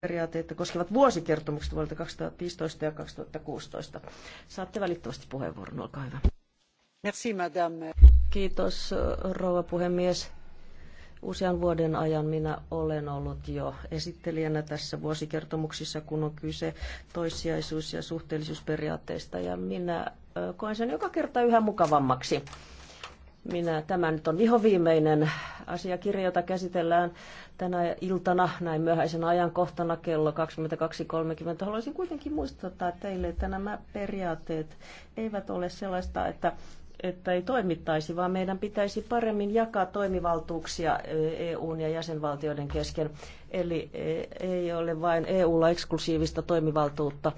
periaatteita koskevat vuosikertomukset vuodelta 2015 ja 2016. Saatte välittömästi puheenvuoron, olkaa hyvä. Merci, madame. Kiitos, rouva puhemies. Usean vuoden ajan minä olen ollut jo esittelijänä tässä vuosikertomuksissa, kun on kyse toissijaisuus- ja suhteellisuusperiaatteista, ja minä koen sen joka kerta yhä mukavammaksi. Minä, tämä nyt on vihoviimeinen asiakirja, jota käsitellään tänä iltana näin myöhäisen ajankohtana kello 22.30. Haluaisin kuitenkin muistuttaa teille, että nämä periaatteet eivät ole sellaista, että että ei toimittaisi, vaan meidän pitäisi paremmin jakaa toimivaltuuksia EUn e ja jäsenvaltioiden kesken. Eli e, ei ole vain EUlla eksklusiivista toimivaltuutta.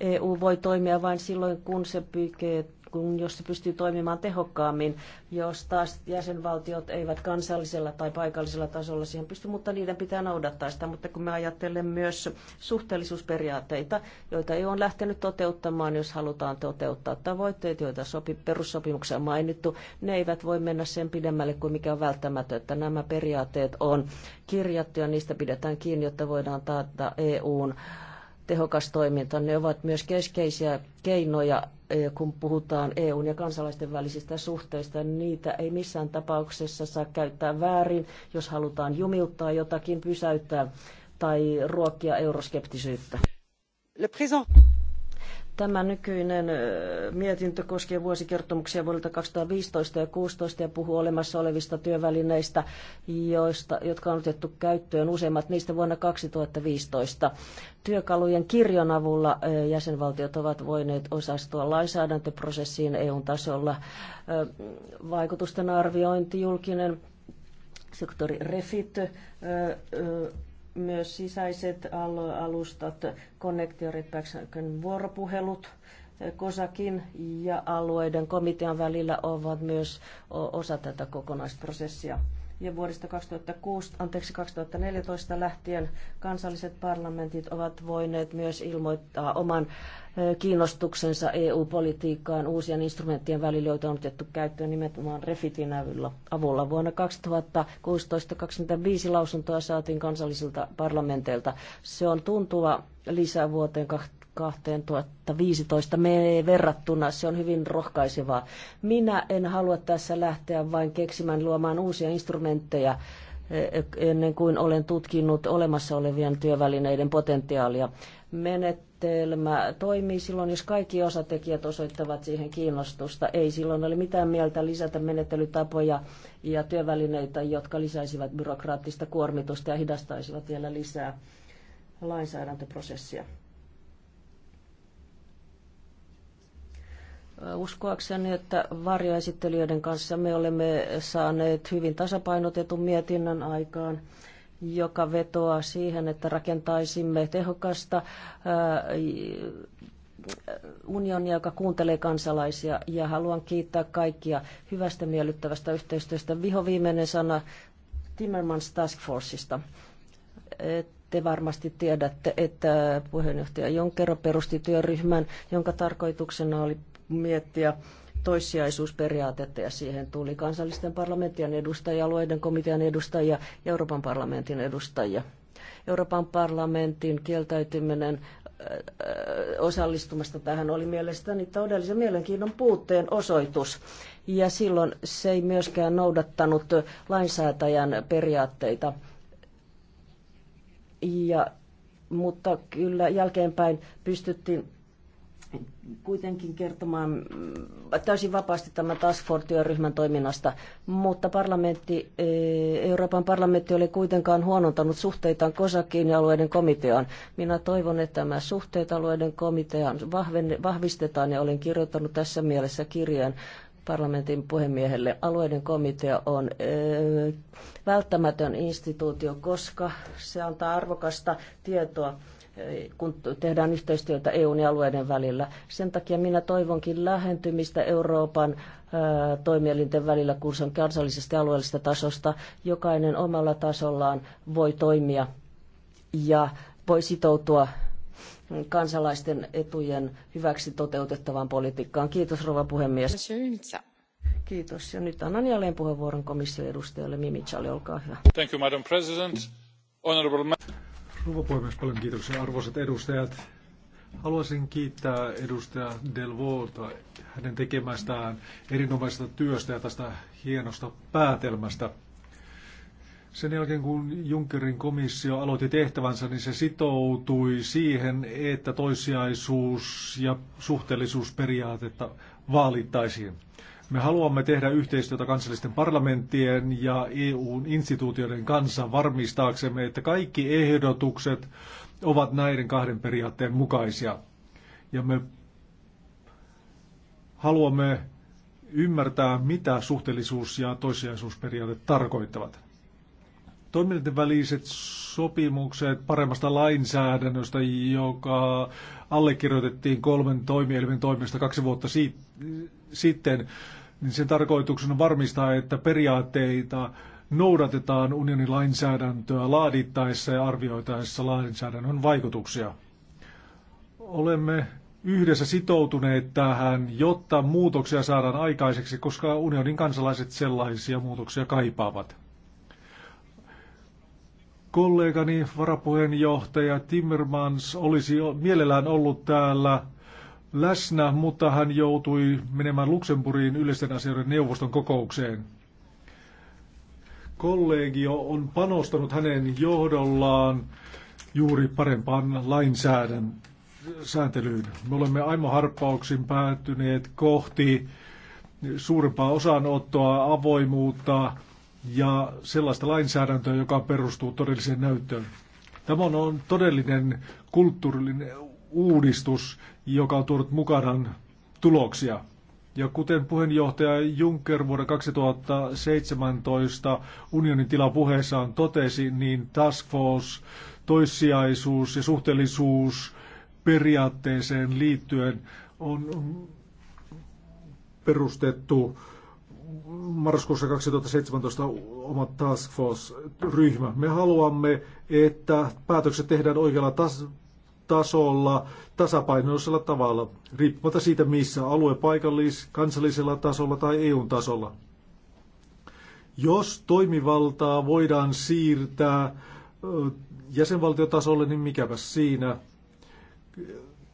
EU voi toimia vain silloin, kun se pykee kun, jos se pystyy toimimaan tehokkaammin, jos taas jäsenvaltiot eivät kansallisella tai paikallisella tasolla siihen pysty, mutta niiden pitää noudattaa sitä. Mutta kun me ajattelemme myös suhteellisuusperiaatteita, joita ei ole lähtenyt toteuttamaan, jos halutaan toteuttaa tavoitteet, joita sopi, perussopimuksessa on mainittu, ne eivät voi mennä sen pidemmälle kuin mikä on välttämätöntä. Nämä periaatteet on kirjattu ja niistä pidetään kiinni, jotta voidaan taata EUn tehokas toiminta. Ne ovat myös keskeisiä keinoja, eh, kun puhutaan EUn ja kansalaisten välisistä suhteista. Niitä ei missään tapauksessa saa käyttää väärin, jos halutaan jumiuttaa jotakin, pysäyttää tai ruokkia euroskeptisyyttä. Tämä nykyinen mietintö koskee vuosikertomuksia vuodelta 2015 ja 2016 ja puhuu olemassa olevista työvälineistä, joista, jotka on otettu käyttöön useimmat niistä vuonna 2015. Työkalujen kirjon avulla jäsenvaltiot ovat voineet osastua lainsäädäntöprosessiin EU-tasolla. Vaikutusten arviointi, julkinen sektori Refit, myös sisäiset alustat, konnektiorit, vuoropuhelut, Kosakin ja alueiden komitean välillä ovat myös osa tätä kokonaisprosessia. Ja vuodesta 2006, anteeksi, 2014 lähtien kansalliset parlamentit ovat voineet myös ilmoittaa oman kiinnostuksensa EU-politiikkaan uusien instrumenttien välillä, joita on otettu käyttöön nimenomaan Refitin avulla. Vuonna 2016-2025 lausuntoa saatiin kansallisilta parlamenteilta. Se on tuntuva lisä vuoteen 2015 viisitoista verrattuna. Se on hyvin rohkaisevaa. Minä en halua tässä lähteä vain keksimään luomaan uusia instrumentteja eh, ennen kuin olen tutkinut olemassa olevien työvälineiden potentiaalia. Menet järjestelmä toimii silloin, jos kaikki osatekijät osoittavat siihen kiinnostusta. Ei silloin ole mitään mieltä lisätä menettelytapoja ja työvälineitä, jotka lisäisivät byrokraattista kuormitusta ja hidastaisivat vielä lisää lainsäädäntöprosessia. Uskoakseni, että varjoesittelijöiden kanssa me olemme saaneet hyvin tasapainotetun mietinnön aikaan joka vetoaa siihen, että rakentaisimme tehokasta äh, unionia, joka kuuntelee kansalaisia. Ja haluan kiittää kaikkia hyvästä miellyttävästä yhteistyöstä. Viho viimeinen sana Timmermans Task Forceista. Te varmasti tiedätte, että puheenjohtaja Jonkero perusti työryhmän, jonka tarkoituksena oli miettiä toissijaisuusperiaatetta ja siihen tuli kansallisten parlamenttien edustajia, alueiden komitean edustajia ja Euroopan parlamentin edustajia. Euroopan parlamentin kieltäytyminen äh, äh, osallistumasta tähän oli mielestäni todellisen mielenkiinnon puutteen osoitus. Ja silloin se ei myöskään noudattanut lainsäätäjän periaatteita. Ja, mutta kyllä jälkeenpäin pystyttiin kuitenkin kertomaan mm, täysin vapaasti tämän Task Force-työryhmän toiminnasta, mutta parlamentti, eh, Euroopan parlamentti oli kuitenkaan huonontanut suhteitaan Kosakiin ja alueiden komiteaan. Minä toivon, että tämä suhteet alueiden komiteaan vahvistetaan ja olen kirjoittanut tässä mielessä kirjeen parlamentin puhemiehelle. Alueiden komitea on eh, välttämätön instituutio, koska se antaa arvokasta tietoa kun tehdään yhteistyötä EUn ja alueiden välillä. Sen takia minä toivonkin lähentymistä Euroopan toimielinten välillä, kun se on kansallisesta ja alueellisesta tasosta. Jokainen omalla tasollaan voi toimia ja voi sitoutua kansalaisten etujen hyväksi toteutettavaan politiikkaan. Kiitos rouva puhemies. Kiitos. Ja nyt annan jälleen puheenvuoron komission edustajalle Mimicali, Olkaa hyvä. Thank you, Madam President. Honorable... Rouva puhemies, paljon kiitoksia arvoisat edustajat. Haluaisin kiittää edustaja Delvolta hänen tekemästään erinomaisesta työstä ja tästä hienosta päätelmästä. Sen jälkeen, kun Junckerin komissio aloitti tehtävänsä, niin se sitoutui siihen, että toissijaisuus ja suhteellisuusperiaatetta vaalittaisiin. Me haluamme tehdä yhteistyötä kansallisten parlamenttien ja EUn instituutioiden kanssa varmistaaksemme, että kaikki ehdotukset ovat näiden kahden periaatteen mukaisia. Ja me haluamme ymmärtää, mitä suhteellisuus- ja toissijaisuusperiaate tarkoittavat. Toimijoiden väliset sopimukset paremmasta lainsäädännöstä, joka allekirjoitettiin kolmen toimielimen toimesta kaksi vuotta si- sitten, niin sen tarkoituksena on varmistaa, että periaatteita noudatetaan unionin lainsäädäntöä laadittaessa ja arvioitaessa lainsäädännön vaikutuksia. Olemme yhdessä sitoutuneet tähän, jotta muutoksia saadaan aikaiseksi, koska unionin kansalaiset sellaisia muutoksia kaipaavat kollegani, varapuheenjohtaja Timmermans olisi mielellään ollut täällä läsnä, mutta hän joutui menemään Luxemburgiin yleisten asioiden neuvoston kokoukseen. Kollegio on panostanut hänen johdollaan juuri parempaan lainsääntelyyn. Me olemme aimoharppauksin päättyneet kohti suurempaa osanottoa, avoimuutta, ja sellaista lainsäädäntöä, joka perustuu todelliseen näyttöön. Tämä on todellinen kulttuurillinen uudistus, joka on tuonut mukanaan tuloksia. Ja kuten puheenjohtaja Juncker vuoden 2017 unionin tilapuheessaan totesi, niin Task Force, toissijaisuus ja suhteellisuus periaatteeseen liittyen on perustettu marraskuussa 2017 oma Task Force-ryhmä. Me haluamme, että päätökset tehdään oikealla tas- tasolla, tasapainoisella tavalla, riippumatta siitä missä, alue paikallis, kansallisella tasolla tai EU-tasolla. Jos toimivaltaa voidaan siirtää jäsenvaltiotasolle, niin mikäpä siinä.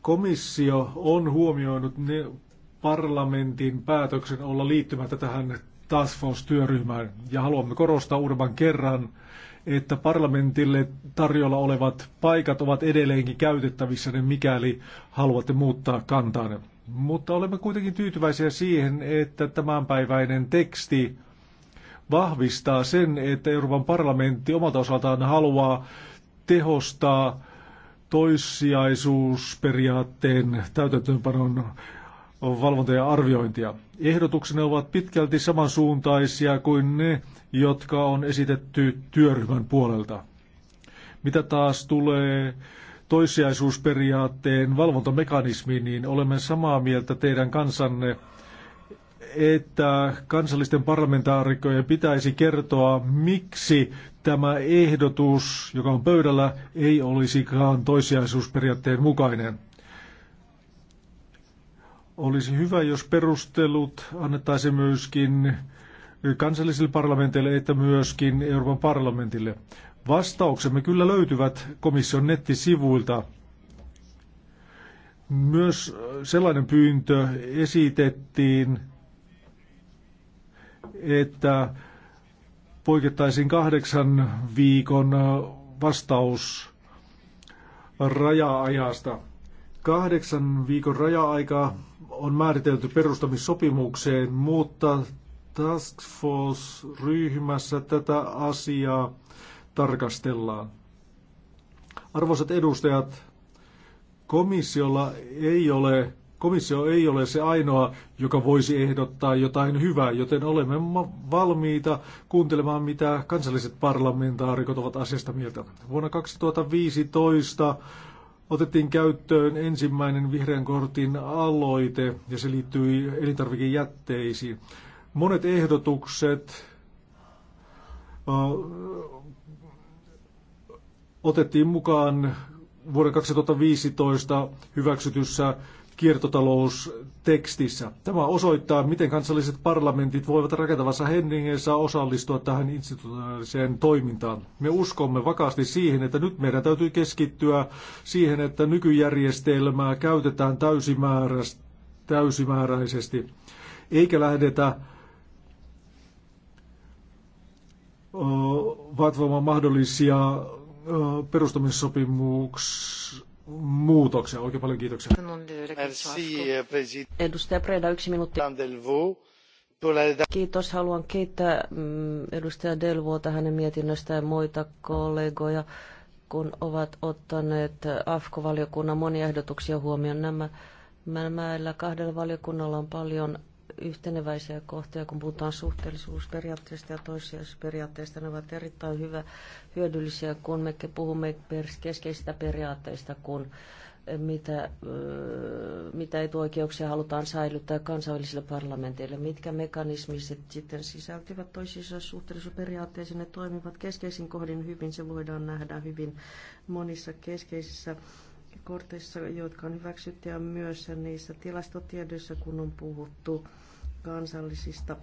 Komissio on huomioinut ne parlamentin päätöksen olla liittymättä tähän Task Force-työryhmään. Ja haluamme korostaa uudemman kerran, että parlamentille tarjolla olevat paikat ovat edelleenkin käytettävissä, niin mikäli haluatte muuttaa kantaanne. Mutta olemme kuitenkin tyytyväisiä siihen, että tämänpäiväinen teksti vahvistaa sen, että Euroopan parlamentti omalta osaltaan haluaa tehostaa toissijaisuusperiaatteen täytäntöönpanon valvontaa ja arviointia. Ehdotuksena ovat pitkälti samansuuntaisia kuin ne, jotka on esitetty työryhmän puolelta. Mitä taas tulee toissijaisuusperiaatteen valvontamekanismiin, niin olemme samaa mieltä teidän kansanne, että kansallisten parlamentaarikkojen pitäisi kertoa, miksi tämä ehdotus, joka on pöydällä, ei olisikaan toissijaisuusperiaatteen mukainen. Olisi hyvä, jos perustelut annettaisiin myöskin kansallisille parlamenteille että myöskin Euroopan parlamentille. Vastauksemme kyllä löytyvät komission nettisivuilta. Myös sellainen pyyntö esitettiin, että poikettaisiin kahdeksan viikon vastaus raja-ajasta. Kahdeksan viikon raja-aika on määritelty perustamissopimukseen, mutta Task Force-ryhmässä tätä asiaa tarkastellaan. Arvoisat edustajat, komissiolla ei ole, komissio ei ole se ainoa, joka voisi ehdottaa jotain hyvää, joten olemme valmiita kuuntelemaan, mitä kansalliset parlamentaarikot ovat asiasta mieltä. Vuonna 2015 otettiin käyttöön ensimmäinen vihreän kortin aloite ja se liittyi elintarvikejätteisiin. Monet ehdotukset otettiin mukaan vuoden 2015 hyväksytyssä kiertotaloustekstissä. Tämä osoittaa, miten kansalliset parlamentit voivat rakentavassa hengessä osallistua tähän institutionaaliseen toimintaan. Me uskomme vakaasti siihen, että nyt meidän täytyy keskittyä siihen, että nykyjärjestelmää käytetään täysimääräisesti, eikä lähdetä vatvomaan mahdollisia perustamissopimuksia muutoksia. Oikein paljon kiitoksia. Merci, Edustaja Preda, yksi minuutti. Kiitos. Haluan kiittää mm, edustaja Delvoota hänen mietinnöstä ja muita kollegoja, kun ovat ottaneet AFKO-valiokunnan monia ehdotuksia huomioon. Nämä, nämä kahdella valiokunnalla on paljon yhteneväisiä kohtia, kun puhutaan suhteellisuusperiaatteista ja toissijaisuusperiaatteesta. Ne ovat erittäin hyvä, hyödyllisiä, kun me puhumme keskeisistä periaatteista, kun eh, mitä, eh, mitä etuoikeuksia halutaan säilyttää kansainvälisille parlamenteille, mitkä mekanismiset sitten sisältyvät toisissa suhteellisuusperiaatteisiin, ne toimivat keskeisin kohdin hyvin, se voidaan nähdä hyvin monissa keskeisissä korteissa, jotka on hyväksytty ja myös niissä tilastotiedoissa, kun on puhuttu kansallisista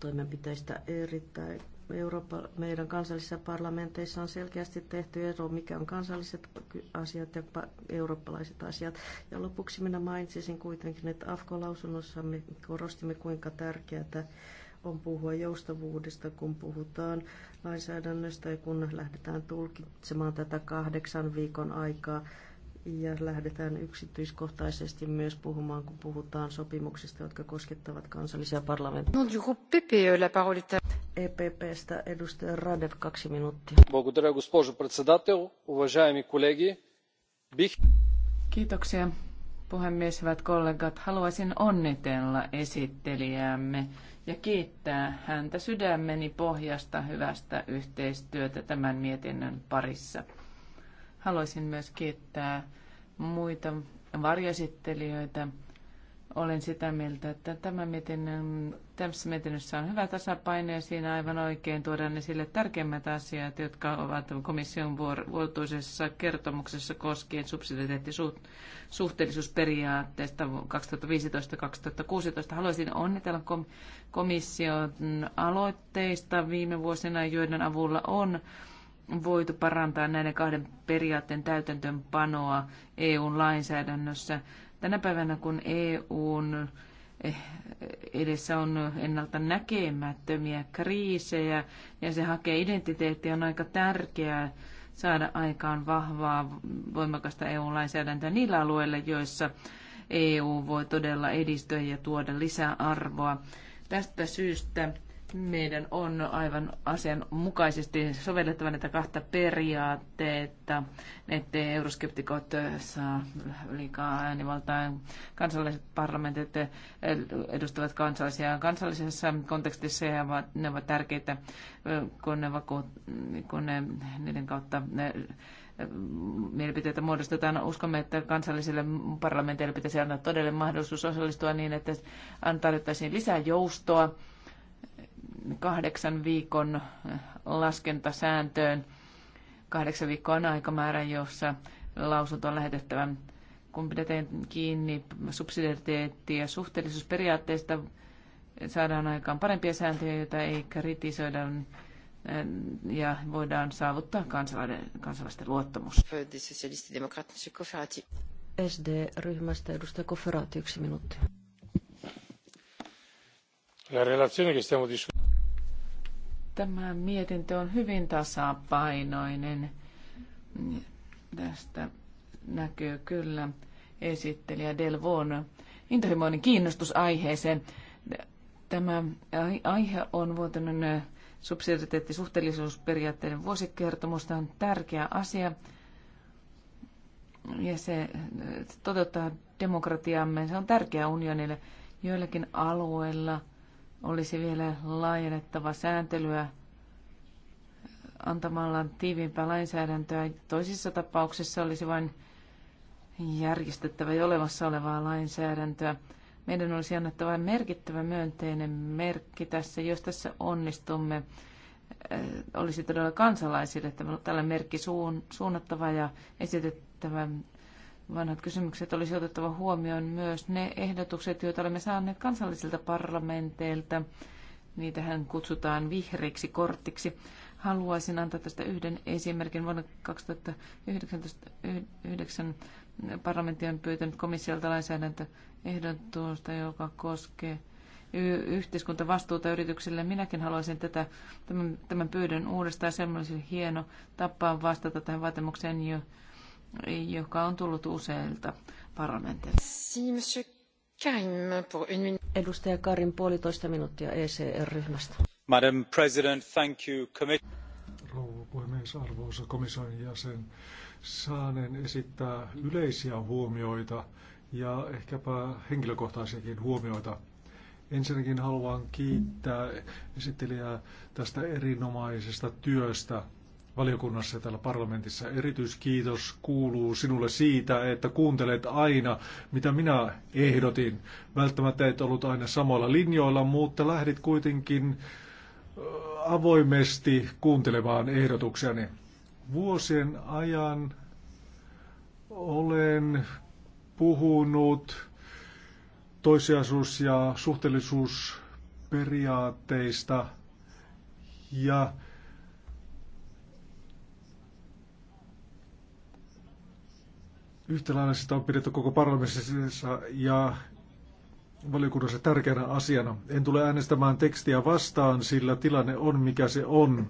toimenpiteistä erittäin. Eurooppa, meidän kansallisissa parlamenteissa on selkeästi tehty ero, mikä on kansalliset asiat ja eurooppalaiset asiat. Ja lopuksi minä mainitsisin kuitenkin, että AFKO-lausunnossa me korostimme, kuinka tärkeää on puhua joustavuudesta, kun puhutaan lainsäädännöstä ja kun lähdetään tulkitsemaan tätä kahdeksan viikon aikaa ja lähdetään yksityiskohtaisesti myös puhumaan, kun puhutaan sopimuksista, jotka koskettavat kansallisia parlamentteja. Non, e, la parole EPPstä e edustaja Radev, kaksi minuuttia. Благодаря, госпожо председател, уважаеми колеги. Kiitoksia, puhemies, hyvät kollegat, haluaisin onnitella esittelijäämme ja kiittää häntä sydämeni pohjasta hyvästä yhteistyötä tämän mietinnön parissa. Haluaisin myös kiittää muita varjoesittelijöitä olen sitä mieltä, että tämä mietinnön, tässä mietinnössä on hyvä tasapaino ja siinä aivan oikein tuodaan esille tärkeimmät asiat, jotka ovat komission vuotuisessa kertomuksessa koskien subsidiariteettisuhteellisuusperiaatteesta 2015-2016. Haluaisin onnitella komission aloitteista viime vuosina, joiden avulla on voitu parantaa näiden kahden periaatteen täytäntöönpanoa EUn lainsäädännössä. Tänä päivänä, kun EUn eh, edessä on ennalta näkemättömiä kriisejä ja se hakee identiteettiä, on aika tärkeää saada aikaan vahvaa, voimakasta EU-lainsäädäntöä niillä alueilla, joissa EU voi todella edistyä ja tuoda lisää arvoa. Tästä syystä meidän on aivan asianmukaisesti sovellettava näitä kahta periaatteita, ettei euroskeptikot saa liikaa äänivaltaa. Kansalliset parlamentit edustavat kansallisia. kansallisessa kontekstissa ja ne ovat tärkeitä, kun, ne vaku- kun ne, niiden kautta ne mielipiteitä muodostetaan. Uskomme, että kansallisille parlamenteille pitäisi antaa todellinen mahdollisuus osallistua niin, että tarjottaisiin lisää joustoa kahdeksan viikon laskentasääntöön. Kahdeksan viikkoa on aikamäärä, jossa lausunto on lähetettävä. Kun pidetään kiinni subsidiariteetti- ja suhteellisuusperiaatteista, saadaan aikaan parempia sääntöjä, joita ei kritisoida ja voidaan saavuttaa kansalaisten luottamus. SD-ryhmästä edustaja Kofferati, yksi minuutti. Tämä mietintö on hyvin tasapainoinen. Tästä näkyy kyllä esittelijä Delvon intohimoinen kiinnostus aiheeseen. Tämä aihe on vuotainen subsidiariteetti suhteellisuusperiaatteiden vuosikertomus. Tämä on tärkeä asia ja se toteuttaa demokratiamme. Se on tärkeä unionille joillakin alueilla – olisi vielä laajennettava sääntelyä antamalla tiiviimpää lainsäädäntöä. Toisissa tapauksissa olisi vain järjestettävä jo olemassa olevaa lainsäädäntöä. Meidän olisi annettava merkittävä myönteinen merkki tässä, jos tässä onnistumme. Äh, olisi todella kansalaisille tällä merkki suunnattava ja esitettävä vanhat kysymykset olisi otettava huomioon myös ne ehdotukset, joita olemme saaneet kansallisilta parlamenteilta. Niitähän kutsutaan vihreiksi kortiksi. Haluaisin antaa tästä yhden esimerkin. Vuonna 2019 parlamentti on pyytänyt komissiolta lainsäädäntöehdotusta, joka koskee yhteiskuntavastuuta yrityksille. Minäkin haluaisin tätä, tämän, tämän pyydön uudestaan. Se olisi hieno tapa vastata tähän vaatimukseen, jo, joka on tullut useilta parlamenteilta. Edustaja Karin puolitoista minuuttia ECR-ryhmästä. Madam President, thank you. Rouva puhemies, arvoisa komission jäsen, saanen esittää yleisiä huomioita ja ehkäpä henkilökohtaisiakin huomioita. Ensinnäkin haluan kiittää esittelijää tästä erinomaisesta työstä valiokunnassa ja täällä parlamentissa. Erityiskiitos kuuluu sinulle siitä, että kuuntelet aina, mitä minä ehdotin. Välttämättä et ollut aina samoilla linjoilla, mutta lähdit kuitenkin äh, avoimesti kuuntelemaan ehdotuksiani. Vuosien ajan olen puhunut toisiasuus- ja suhteellisuusperiaatteista ja sitä on pidetty koko parlamentissa ja valiokunnassa tärkeänä asiana. En tule äänestämään tekstiä vastaan, sillä tilanne on mikä se on.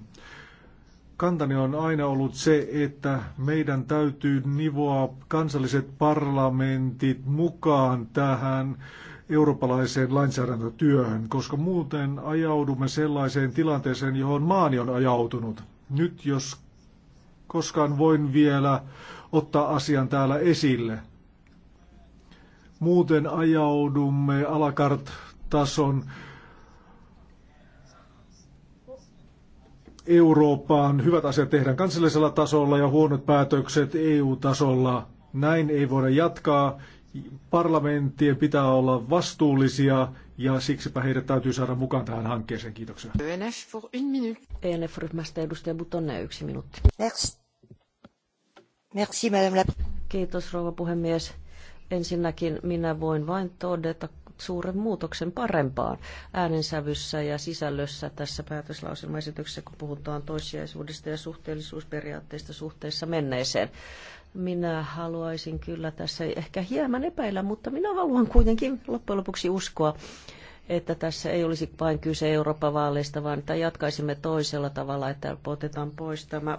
Kantani on aina ollut se, että meidän täytyy nivoa kansalliset parlamentit mukaan tähän eurooppalaiseen lainsäädäntötyöhön, koska muuten ajaudumme sellaiseen tilanteeseen, johon maani on ajautunut. Nyt jos koskaan voin vielä ottaa asian täällä esille. Muuten ajaudumme alakart-tason Eurooppaan. Hyvät asiat tehdään kansallisella tasolla ja huonot päätökset EU-tasolla. Näin ei voida jatkaa. Parlamenttien pitää olla vastuullisia ja siksipä heidät täytyy saada mukaan tähän hankkeeseen. Kiitoksia. ENF-ryhmästä e edustaja Butonne yksi minuutti. Next. Merci, madame la... Kiitos, rouva puhemies. Ensinnäkin minä voin vain todeta suuren muutoksen parempaan äänensävyssä ja sisällössä tässä päätöslauselmaesityksessä, kun puhutaan toissijaisuudesta ja suhteellisuusperiaatteista suhteessa menneeseen. Minä haluaisin kyllä tässä ehkä hieman epäillä, mutta minä haluan kuitenkin loppujen lopuksi uskoa, että tässä ei olisi vain kyse Euroopan vaaleista, vaan että jatkaisimme toisella tavalla, että otetaan pois tämä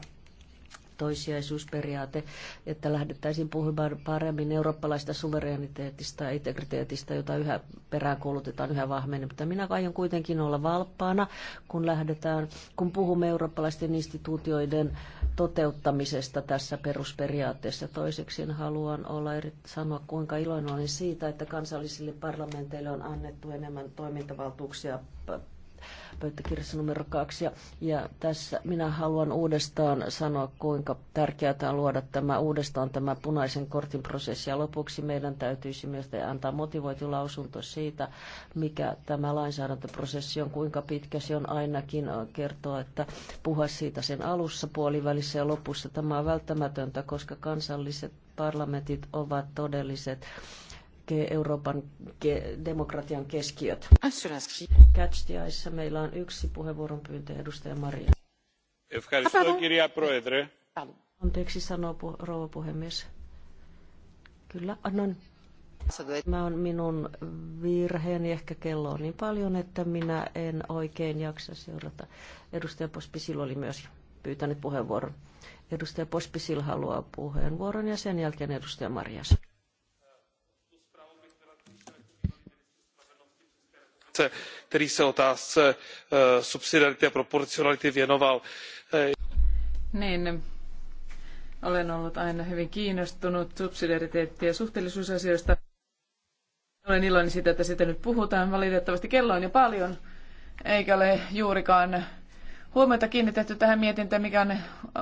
toissijaisuusperiaate, että lähdettäisiin puhumaan paremmin eurooppalaista suvereniteetista ja integriteetistä, jota yhä peräänkuulutetaan yhä vahvemmin. Mutta minä aion kuitenkin olla valppaana, kun lähdetään, kun puhumme eurooppalaisten instituutioiden toteuttamisesta tässä perusperiaatteessa. Toiseksi haluan olla eri, sanoa, kuinka iloinen olen siitä, että kansallisille parlamenteille on annettu enemmän toimintavaltuuksia pöytäkirjassa numero kaksi. Ja, ja tässä minä haluan uudestaan sanoa, kuinka tärkeää on luoda tämä uudestaan tämä punaisen kortin prosessi. Ja lopuksi meidän täytyisi myös antaa motivoitu lausunto siitä, mikä tämä lainsäädäntöprosessi on, kuinka pitkä se on ainakin kertoa, että puhua siitä sen alussa, puolivälissä ja lopussa. Tämä on välttämätöntä, koska kansalliset parlamentit ovat todelliset Euroopan demokratian keskiöt. Catch the Eyessa meillä on yksi pyyntö, edustaja Maria. Anteeksi sanoo pu- rouva puhemies. Kyllä, annan. Tämä on minun virheeni, ehkä kello on niin paljon, että minä en oikein jaksa seurata. Edustaja Pospisil oli myös pyytänyt puheenvuoron. Edustaja Pospisil haluaa puheenvuoron ja sen jälkeen edustaja Marjas. frakce který se otázce eh, subsidiarity a proporcionality věnoval. Eh, niin, olen ollut aina hyvin kiinnostunut subsidiariteetti- ja suhteellisuusasioista. Olen iloinen siitä, että siitä nyt puhutaan. Valitettavasti kello on jo paljon, eikä ole juurikaan huomiota kiinnitetty tähän mietintään, mikä on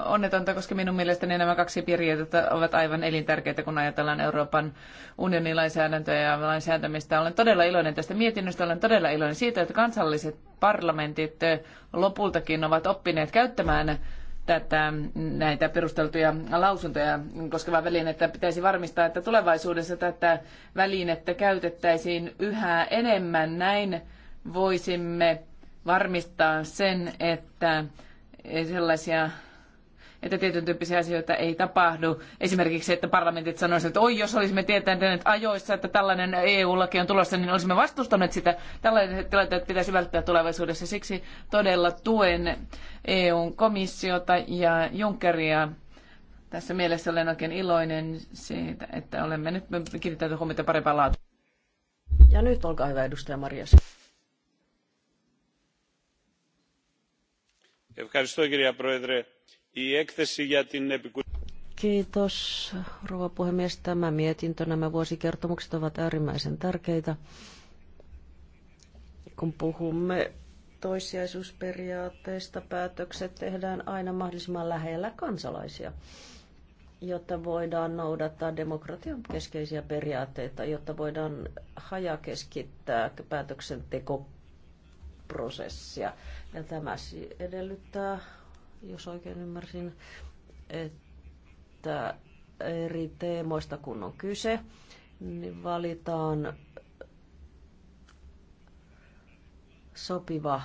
onnetonta, koska minun mielestäni nämä kaksi periaatetta ovat aivan elintärkeitä, kun ajatellaan Euroopan unionin lainsäädäntöä ja lainsäätämistä. Olen todella iloinen tästä mietinnöstä, olen todella iloinen siitä, että kansalliset parlamentit lopultakin ovat oppineet käyttämään tätä, näitä perusteltuja lausuntoja koskevaa välinettä pitäisi varmistaa, että tulevaisuudessa tätä välinettä käytettäisiin yhä enemmän. Näin voisimme varmistaa sen, että sellaisia että tietyn tyyppisiä asioita ei tapahdu. Esimerkiksi, että parlamentit sanoisivat, että oi, jos olisimme tietäneet ajoissa, että tällainen EU-laki on tulossa, niin olisimme vastustaneet sitä. Tällaiset tilanteet pitäisi välttää tulevaisuudessa. Siksi todella tuen EUn komissiota ja Junckeria. Tässä mielessä olen oikein iloinen siitä, että olemme nyt kiinnittäneet huomiota parempaan laatuun. Ja nyt olkaa hyvä edustaja Marjas. Kiitos, rouva puhemies. Tämä mietintö, nämä vuosikertomukset ovat äärimmäisen tärkeitä. Kun puhumme toissijaisuusperiaatteesta, päätökset tehdään aina mahdollisimman lähellä kansalaisia, jotta voidaan noudattaa demokratian keskeisiä periaatteita, jotta voidaan hajakeskittää päätöksenteko prosessia. Ja tämä edellyttää, jos oikein ymmärsin, että eri teemoista kun on kyse, niin valitaan sopiva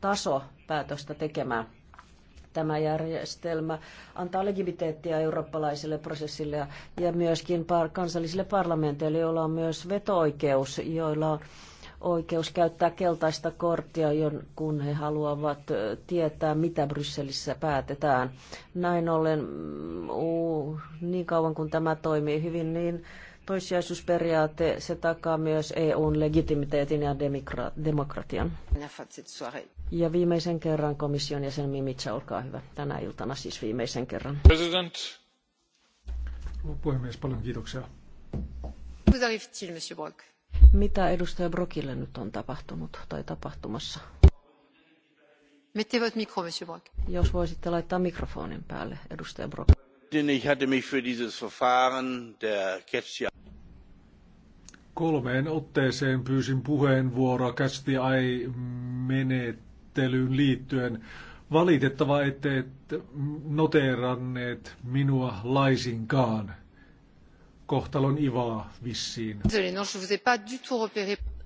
taso päätöstä tekemään. Tämä järjestelmä antaa legitimiteettiä eurooppalaisille prosessille ja myöskin kansallisille parlamenteille, joilla on myös veto-oikeus, joilla on oikeus käyttää keltaista korttia, kun he haluavat tietää, mitä Brysselissä päätetään. Näin ollen, mm, uu, niin kauan kuin tämä toimii hyvin, niin toissijaisuusperiaate, se takaa myös EUn legitimiteetin ja demokratian. Ja viimeisen kerran komission jäsen Mimitsa, olkaa hyvä. Tänä iltana siis viimeisen kerran. President. Puhemies, paljon kiitoksia. Vous arrive-t-il, Monsieur Brock? Mitä edustaja Brokille nyt on tapahtunut tai tapahtumassa? Mettez votre micro, monsieur Brock. Jos voisitte laittaa mikrofonin päälle, edustaja Brock. Ich hatte mich für dieses Verfahren der Kolmeen otteeseen pyysin puheenvuoroa kästi ai menettelyyn liittyen. Valitettava, ette noteeranneet minua laisinkaan kohtalon ivaa vissiin.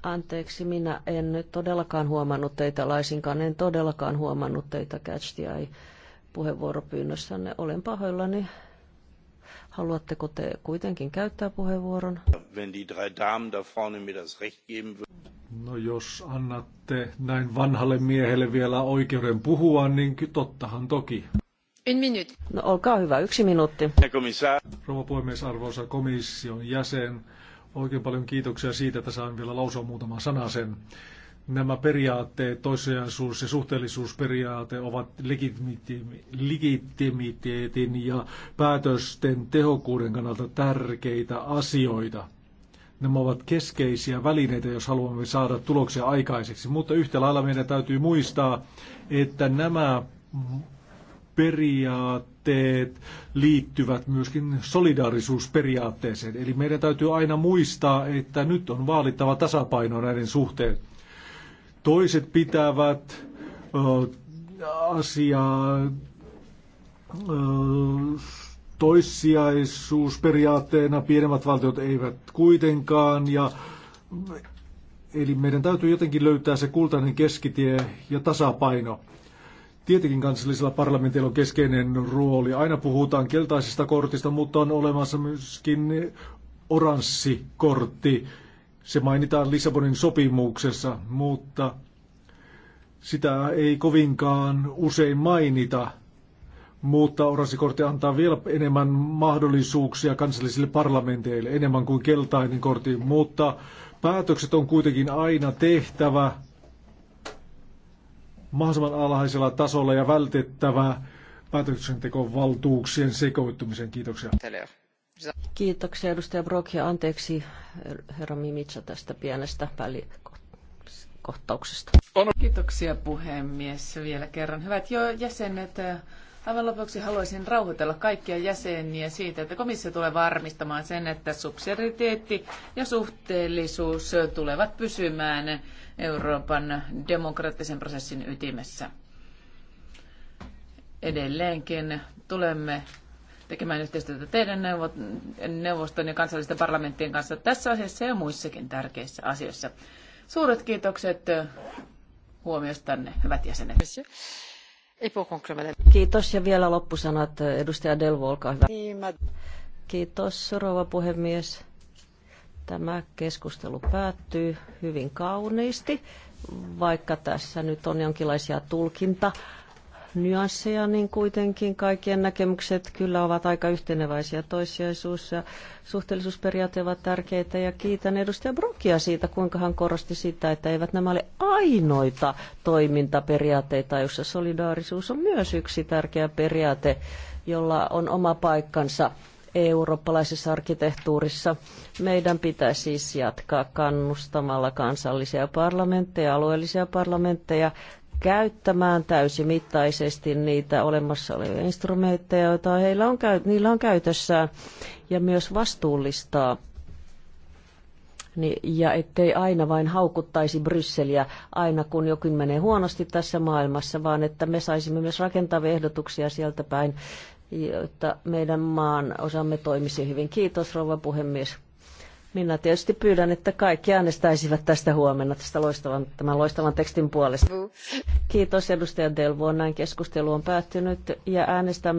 Anteeksi, minä en todellakaan huomannut teitä laisinkaan, en todellakaan huomannut teitä Catch the Eye puheenvuoropyynnössänne. Olen pahoillani. Haluatteko te kuitenkin käyttää puheenvuoron? No jos annatte näin vanhalle miehelle vielä oikeuden puhua, niin tottahan toki. No, olkaa hyvä, yksi minuutti. Rouva puhemies, arvoisa komission jäsen, oikein paljon kiitoksia siitä, että saan vielä lausua muutaman sana sen. Nämä periaatteet, toissijaisuus ja suhteellisuusperiaate ovat legitimiteetin ja päätösten tehokkuuden kannalta tärkeitä asioita. Nämä ovat keskeisiä välineitä, jos haluamme saada tuloksia aikaiseksi, mutta yhtä lailla meidän täytyy muistaa, että nämä periaatteet liittyvät myöskin solidaarisuusperiaatteeseen. Eli meidän täytyy aina muistaa, että nyt on vaalittava tasapaino näiden suhteen. Toiset pitävät asiaa toissijaisuusperiaatteena, pienemmät valtiot eivät kuitenkaan. Ja, eli meidän täytyy jotenkin löytää se kultainen keskitie ja tasapaino. Tietenkin kansallisella parlamentilla on keskeinen rooli. Aina puhutaan keltaisesta kortista, mutta on olemassa myöskin oranssi kortti. Se mainitaan Lissabonin sopimuksessa, mutta sitä ei kovinkaan usein mainita. Mutta oranssikortti antaa vielä enemmän mahdollisuuksia kansallisille parlamenteille, enemmän kuin keltainen kortti, mutta päätökset on kuitenkin aina tehtävä mahdollisimman alhaisella tasolla ja vältettävä valtuuksien sekoittumisen. Kiitoksia. Kiitoksia edustaja Brock ja anteeksi herra Mimitsa tästä pienestä välikohtauksesta. Kiitoksia puhemies vielä kerran. Hyvät jo jäsenet, Aivan lopuksi haluaisin rauhoitella kaikkia jäseniä siitä, että komissio tulee varmistamaan sen, että subsidiariteetti ja suhteellisuus tulevat pysymään Euroopan demokraattisen prosessin ytimessä. Edelleenkin tulemme tekemään yhteistyötä teidän neuvoston ja kansallisten parlamenttien kanssa tässä asiassa ja muissakin tärkeissä asioissa. Suuret kiitokset huomiostanne, hyvät jäsenet. Kiitos ja vielä loppusanat. Edustaja Delvo, olkaa hyvä. Kiitos, rouva puhemies. Tämä keskustelu päättyy hyvin kauniisti, vaikka tässä nyt on jonkinlaisia tulkinta nyansseja, niin kuitenkin kaikkien näkemykset kyllä ovat aika yhteneväisiä. Toissijaisuus ja suhteellisuusperiaate ovat tärkeitä ja kiitän edustaja Brokia siitä, kuinka hän korosti sitä, että eivät nämä ole ainoita toimintaperiaatteita, jossa solidaarisuus on myös yksi tärkeä periaate, jolla on oma paikkansa eurooppalaisessa arkkitehtuurissa. Meidän pitää siis jatkaa kannustamalla kansallisia parlamentteja, alueellisia parlamentteja käyttämään täysimittaisesti niitä olemassa olevia instrumentteja, joita heillä on, niillä on käytössään, ja myös vastuullistaa niin, ja ettei aina vain haukuttaisi Brysseliä aina kun jokin menee huonosti tässä maailmassa, vaan että me saisimme myös rakentavia ehdotuksia sieltä päin, jotta meidän maan osamme toimisi hyvin. Kiitos rouva puhemies. Minä tietysti pyydän, että kaikki äänestäisivät tästä huomenna tästä loistavan, tämän loistavan tekstin puolesta. Kiitos edustaja Delvo. Näin keskustelu on päättynyt ja äänestämme